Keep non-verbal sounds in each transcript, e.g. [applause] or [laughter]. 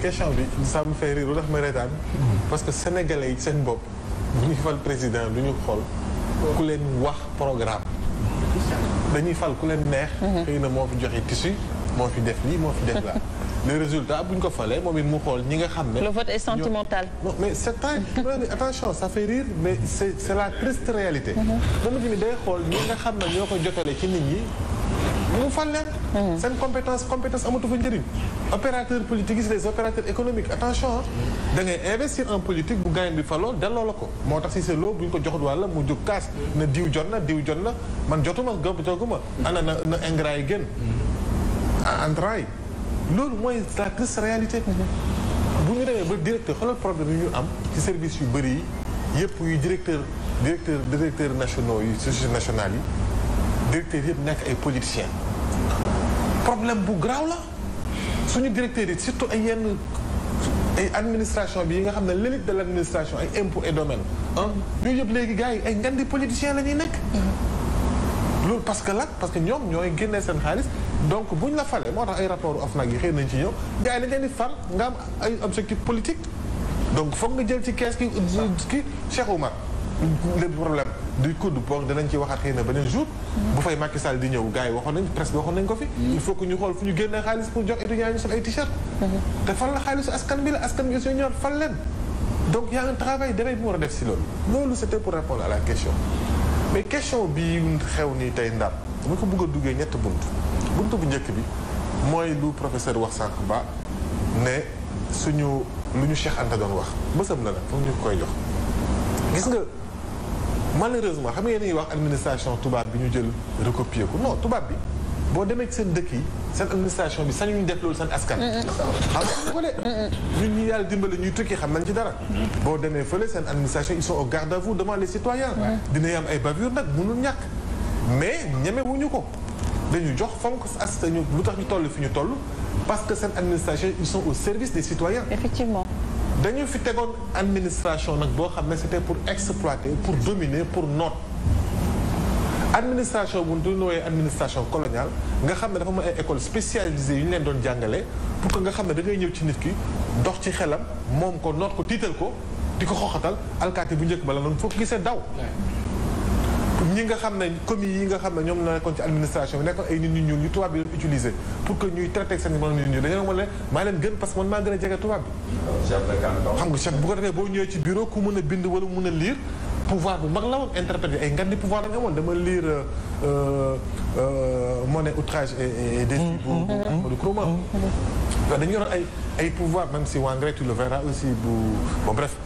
question bi ça me fait rire lu tax ma reetaan parce que sénégalais yi seen bopp bu ñuy fal président du ñu xool ku leen wax programme dañuy fal ku leen neex mhm. xëy na moo fi joxe tissu moo fi def lii moo fi def laa le [laughs] résultat bu ñu ko falee moom it mu xool ñi nga xam ne le vote est sentimental non mais c'est [laughs] attention ça fait rire mais c'est la triste réalité mhm. dama gi ni day xool ñi nga xam ne ñoo ko jotale ci nit ñi mu fal Mm-hmm. seen compétence compétence amatu fa njëriñ opérateur politique yi les opérateurs économiques attention ah. da ngay investir en politique bu gaañ bi faloo delloo la ko moo tax si c'est loolu bu ñu ko jox wàlla mu jóg kaas na diw jot na diw jot na man jotuma gëm jotuma ana na na ingrat yi génn mm-hmm. entraay loolu mooy la triste réalité mm-hmm. bu ñu demee ba directeur xoolal problème yi ñu am ci service yu bëri yi yëpp yu directeur directeur directeur nationaux yi société nationale yi directeur yëpp nekk ay politiciens problème bu graaw la suñu directeurs yi surtout ay yenn ay administration bi nga xam ne l'élite de l'administration ay impôts et domaines ah yooyu yëpp léegi gars yi ay ngandi politiciens la ñuy nekk loolu parce que la parce que ñoom ñooy génnee seen xaalis donc bu ñu la falee moo tax ay rapport rapports OFNAC yi xëy nañ ci ñëw gars yi dañ leen di nga am ay objectif politique donc foog nga jël ci kees ki kii Cheikh Oumar le problème du code boobu danañ ci waxaat xëy beneen jour. bu fay Macky di ñëw gars waxoon nañ presque waxoon nañ ko fi. Mm-hmm. il faut que ñu xool fu ñu génnee xaalis pour jox étudiants ñu sol ay t-shirt. Mm-hmm. te fan la xaalisu askan bi fan leen. donc y a un travail derrière bi a def si loolu. loolu c' était pour répondre mais question bi xew nii tey ndar dama ko bëgg a duggee ñett bunt bunt bu njëkk bi mooy lu professeur wax sànq ba ne suñu lu ñu Cheikh Anta doon wax bësam na la foog ñu koy jox gis nga. malheureusement xam ngeen ni wax administration tubaab bi ñu jël recopier ko non tubaab bi boo demee ci seen dëkk yi seen administration bi sañuñu def loolu seen askan. xam nga ñu ñun ñi yàlla dimbali ñuy tukki xam nañ ci dara. boo demee fële seen administration ils sont au garde à vous devant les citoyens. dina yam ay bavure nag mu nu ñàkk. mais ñemewuñu ko dañu jox fonk as lu tax ñu toll fi ñu toll parce que seen administration ils sont au service des citoyens. effectivement. dañu fi tegoon administration nag boo xam ne c'était pour exploiter pour dominer pour noot administration bu ñu wooyee administration coloniale nga xam ne dafa am ay école spécialisée yu ñu leen doon jàngale pour que nga xam ne dangay ñëw ci nit ki dox ci xelam moom ko noot ko tiital ko di ko xoxatal alkaati bu njëkk ba la noonu foo ko gisee daw ñi nga xam ne commis yi nga xam ne ñoom la nekkoon ci administration bi nekkoon ay nit ñu ñuul ñu tubaab bi doon utiliser pour que ñuy traité seen borom ma ne maa leen gën parce que maa gën a jege tubaab bi xam nga chef bu ko defee boo ñëwee ci bureau ku a bind wala mën a lire pouvoir bu mag la woon interpréter ay ngan di pouvoir lañu amoon dama lire euh, euh, monnaie outrage et défi bu du Kruman waaw dañu yoroon ay ay pouvoir même si Wangre tu le verras aussi bu bon bref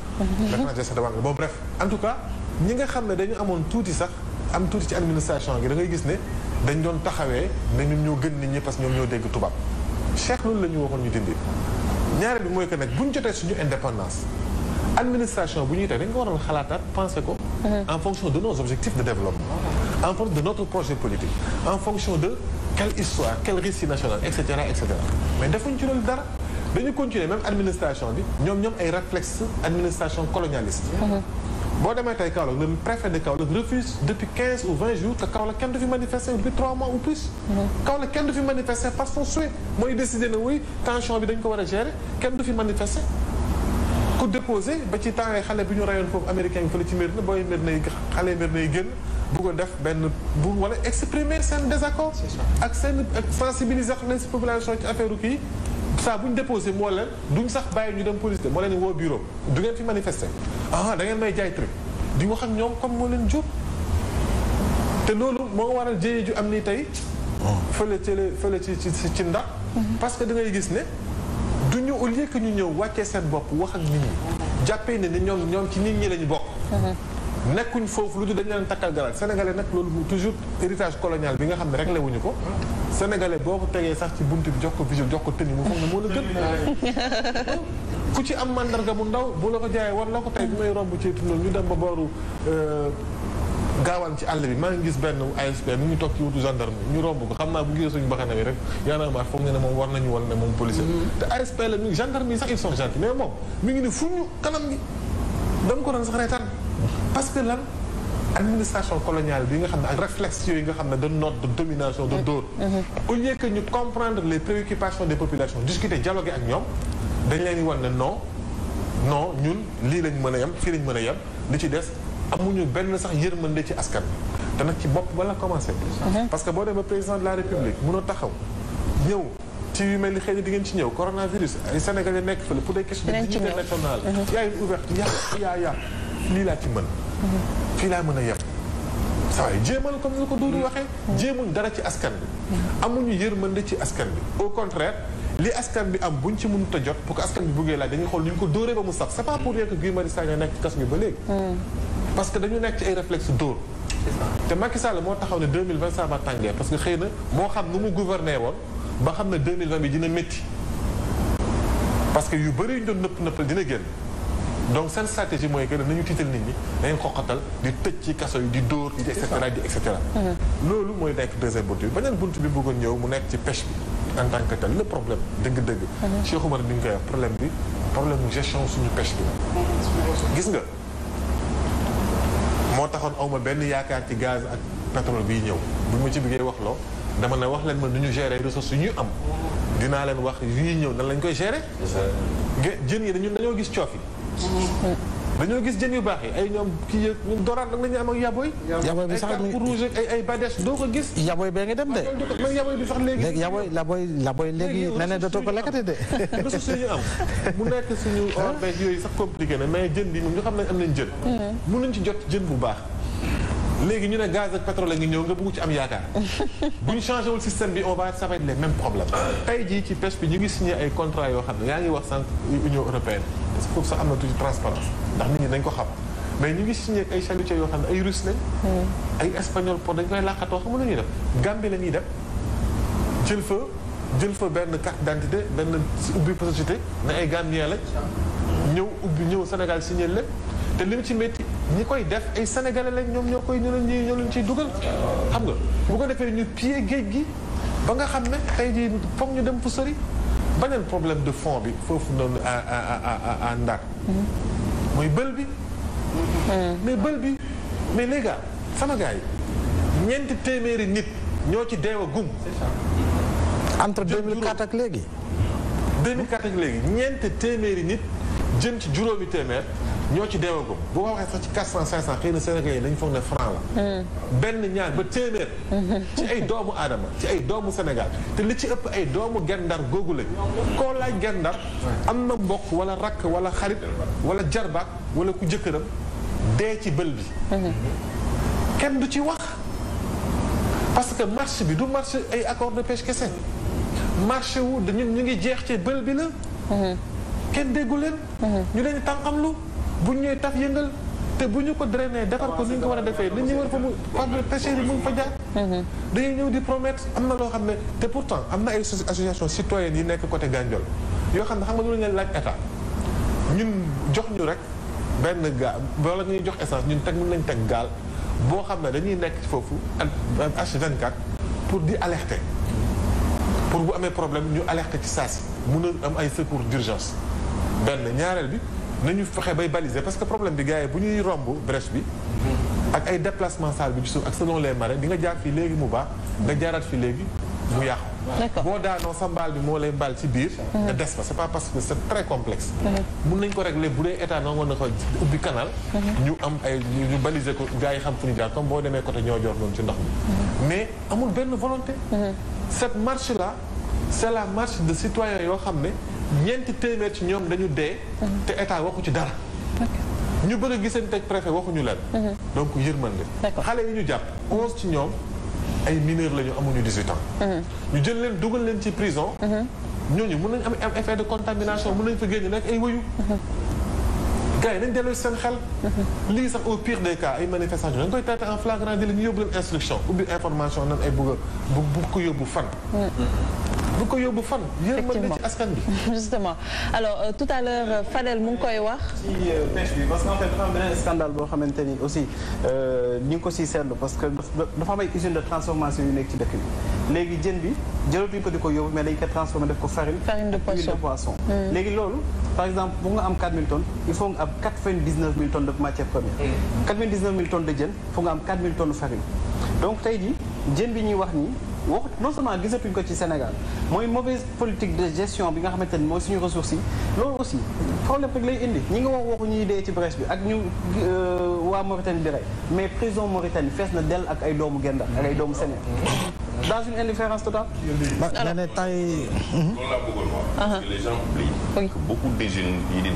la mm-hmm. sax de Wangre bon bref en tout cas ñi nga xam ne dañu amoon tuuti sax am tuuti ci administration gi da ngay gis ne dañ doon taxawee ne ñun ñoo gën nit ñi parce que ñoom ñoo dégg tubaab cheikh loolu la ñu waxoon ñu dindi ñaareel bi mooy que nag bu ñu suñu indépendance administration bu ñuy teg dañ waroon xalaataat pensé ko mhm. en fonction de nos objectifs de développement en fonction projet politique en fonction de quelle histoire quel récit national et cetera mais defuñ ci loolu dara dañu continuer même administration bi ñoom ñoom ay réflexe administration colonialiste mhm. boo demee tey Kaolack le préfet de Kaolack refuse depuis 15 ou 20 jours que Kaolack kenn du fi manifester depuis 3 mois ou plus. Kaolack kenn du fi manifester parce que son mooy décider na oui tension bi dañ ko war a gérer kenn du fi manifester. ku déposé ba ci temps yi xale bi ñu rayoon foofu américain bi fële ci mbir na booy mbir nay xale mbir nay génn bëggoon def benn bu wala exprimer seen désaccord. ak seen sensibiliser xam nañ si population ci affaire kii. saa bu ñu déposé moo leen duñ sax bàyyi ñu dem police de moo leen woo bureau du ngeen fi manifester ah da ngeen may jaay truc di wax ak ñoom comme moo leen jur te loolu moo waral jëye ju am ni tey fële cële fële ci ci ndax parce que da ngay gis ne du ñu au ñu ñëw wàccee seen bopp wax ak nit ñi jàppee ne ne ñoom ñoom ci nit ñi la ñu bokk nekkuñ foofu lu du dañ leen takkal garal sénégalais nag loolu toujours héritage colonial bi nga xam ne réglé wuñu ko sénégalais boo ko tegee sax ci bunt bi jox ko vigile jox ko tenue mu foog ne moo la gën ku ci am mandarga bu ndaw bu la ko jaayee war la ko tey bi may romb ci tunnel ñu dem ba booru euh, gaawaan ci àll bi maa ngi gis benn ASP mu ngi toog ci wutu gendarme ñu romb ko xam naa bu gisee suñu baxana bi rek yaanaamaat foog ne moom war nañu wan ne moom policier mm-hmm. te ASP la mi gendarme yi sax ils sont gentils mais moom mi ngi ne fu ñu kanam sax reetaan parce que lan administration coloniale bi nga xam ne ak réflexion yooyu nga xam ne de note de domination de dóor au lieu que ñu comprendre les préoccupations des populations discuter dialoguer ak ñoom dañ leen di wan ne non non ñun lii lañ mën a yem fii lañ mën a yem li ci des amuñu benn sax mën yërmande ci askan bi te nag ci bopp bala commencé mhm. parce que boo demee président de la république mun a taxaw ñëw ci yu mel ni xëy na di ngeen ci ñëw coronavirus ay sénégalais nekk fële pour des questions de mhm. lii laa ci mën fii laa mën a yem saa yi jéemal comme ni ko Doudou mm. waxee mm. jéemuñ dara ci askan bi mm. amuñu yërmande ci askan bi au contraire li askan bi am bu buñ ci mënut a jot pour que askan bi buggee laaj dañu xool ni ñu ko dóoree ba mu sax c'est pas pour rien que Guy Marius Sagna nekk ci kaso bi ba léegi parce que dañu nekk ci ay réflexe dóor te Macky Sall moo taxaw ne deux 2025 ba tàngee parce que xëy na moo xam nu mu gouverner woon ba xam ne 2020 bi dina métti parce que yu bëri ñu doon nëpp nëppal dina génn donc seen stratégie mooy que nañu tiital nit ñi dañu xoqatal di tëj ci kaso yi di dóor di et cetera di et cetera mm-hmm. loolu mooy nekk deuxième bunt bi beneen bunt bi bëggoon ñëw mu nekk ci pêche bi en tant que tel problème dëgg-dëgg mm-hmm. Cheikh Oumar ni ñu koy wax problème bi problème gestion suñu pêche bi gis nga moo taxoon awma benn yaakaar ci gaz ak pétrole bii ñëw bu ma ci bëggee wax loo dama ne wax leen ma nu ñu gérer ressources yu ñu am dinaa leen wax yii ñëw nan lañ koy gérer jën yi dañu dañoo gis coof yi Mm-hmm. dañoo gis jën yu baax yi ay ñoom kii yëpp ñoom doraan nag la am ak yaboy. yaboy bi sax mi ay rouge ay ay badesh doo ko gis. yaboy bee ngi dem de. waaw bi sax léegi. léegi yaboy laboy laboy léegi nee na dootoo ko lekkati de. ressources yi ñu am mu nekk suñu or beeg yooyu sax compliqué na mais jën bi ñun ñu xam ne am nañ jën. mën mm-hmm. nañ ci jot jën bu baax. léegi ñu ne gaz ak pétrole ngi ñëw nga bëgg ci am yaakaar [laughs] bu ñu changé wul système bi on va sa va être les mêmes problèmes. tey ci pêche bi ñu ngi signé ay contrat yoo xam ne yaa ngi wax sànq Union européenne foofu sax am na toujours transparence ndax nit ñi dañ ko xam mais ñu ngi signé ay chalutiers yoo xam ne ay russe lañ. Hmm. ay espagnol pour dañ koy làqatoo xam nga lu ñuy def. Gambie la ñuy def jël fa jël fa benn carte d'identité benn ubbi société na ay Gambien lañ. ñëw ubbi ñëw Sénégal signé lépp te li mu ci métti ñi koy def ay sénégalais lañ ñoom ñoo koy ñoo leen ñoo leen ciy dugal. xam nga bu ko defee ñu pied géej gi ba nga xam ne tey jii foog ñu dem fu sori. beneen problème de fond bi foofu noonu à à mm-hmm. mooy bël bi. Mm-hmm. mais bël bi mais les gars sama gars ñeenti téeméeri nit ñoo ci deew gum. entre 2004 ak léegi. 2004 ak léegi ñeenti téeméeri nit jën ci juróomi téeméer. ñoo ci ko boo waxee sax ci 400 500 xëy na Sénégalais yi dañu foog ne franc la. Hmm. benn ñaar ba téeméer. Hmm. ci ay doomu aadama ci ay doomu Sénégal te li ci ëpp ay doomu gendar googu lañ. koo laaj gendar am na mbokk wala rakk wala xarit wala jarbaat wala ku jëkkëram dee ci bël bi. Hmm. kenn du ci wax parce que marché bi du marché ay accord de pêche kese marché wu dañu ñu ngi jeex ci bël bi la. kenn déggu leen. ñu leen lu bu ñëwee taf yëngal te bu ñu ko drainer defar ko ni ñu war a defee nañu wër fa mu pàcc pêcheurs yi mu ngi fa jaar. Mhm. dañuy ñëw di promettre am na loo xam ne te pourtant am na ay association citoyenne yi nekk côté Gandiol yoo xam ne xam nga loolu leen laaj état ñun jox ñu rek benn gaal wala ñuy jox essence ñun teg mën nañ teg gaal boo xam ne dañuy nekk foofu H24 pour di alerter pour bu amee problème ñu alerter ci saa si mun a am ay secours d'urgence benn ñaareel bi. nañu fexe bay baliser parce que problème bi gars yi bu ñuy romb brèche bi ak ay déplacement salle bi ci suuf ak selon les marées di nga jaar fii léegi mu baax nga jaaraat fi léegi mu yàqu boo daanoo sa mbaal bi moo lay mbaal ci biir mm. nga des fa c'est pas parce que c'est très complexe mm-hmm. mun nañ ko rek régler bu dee état nangoon na ko ubbi canal mm-hmm. ñu am ay ñu baliser ko gars yi xam fu ñu jaar comme boo demee côté ñoo joor noonu ci ndox mi mm-hmm. mais amul benn volonté cette marche là c'est la marche de citoyens yoo xam ne ñeenti téeméer ci ñoom dañu dee. Mhm. te état waxu ci dara. ñu bëgg a gisante ak préfet waxuñu leen. Mhm. donc yërmande. xale yi ñu jàpp onze ci ñoom ay mineurs la ñu dis 18 ans. Mhm. ñu jël leen dugal leen ci prison. ñooñu mun nañu am effet de contamination mën nañu fa génn nekk ay wëyu. gars yi nañ delloo seen xel. lii sax au pire des cas ay manifestations dañ koy traité en flagrant délit ñu yóbbu leen instruction ubbi information nan ay bëgg a bu ko yóbbu fan. bu ko [laughs] euh, euh, koy wax. ci euh, boo xamante ni aussi ñu ngi ko siy seetlu parce que dafa am ay usine de transformation yu nekk ci dëkk bi léegi jën bi jëlatuñu ko di ko yóbbu mais dañu ko transformé def ko farine. farine de poisson huile de poisson. Hmm. léegi loolu par exemple bu nga am 4000 tonnes il faut nga am 99000 de matière première. 99000 tonnes de jën il nga am 4000 tonnes donc tey jii jën bi ñuy wax nii. wax non seulement gisatuñ ko ci Sénégal mooy mauvaise politique de gestion bi nga xamante ni mooy suñu ressources yi loolu aussi problème rek lay indi ñi nga wax waxu ñuy dee ci brèche bi ak ñu euh, waa Mauritanie di rey mais prison Mauritanie fees na dell ak ay doomu Gendar ay doomu Sénégal dans une indifférence totale. alors nga ne temps yii. loolu laa bëggoon wax. que yi di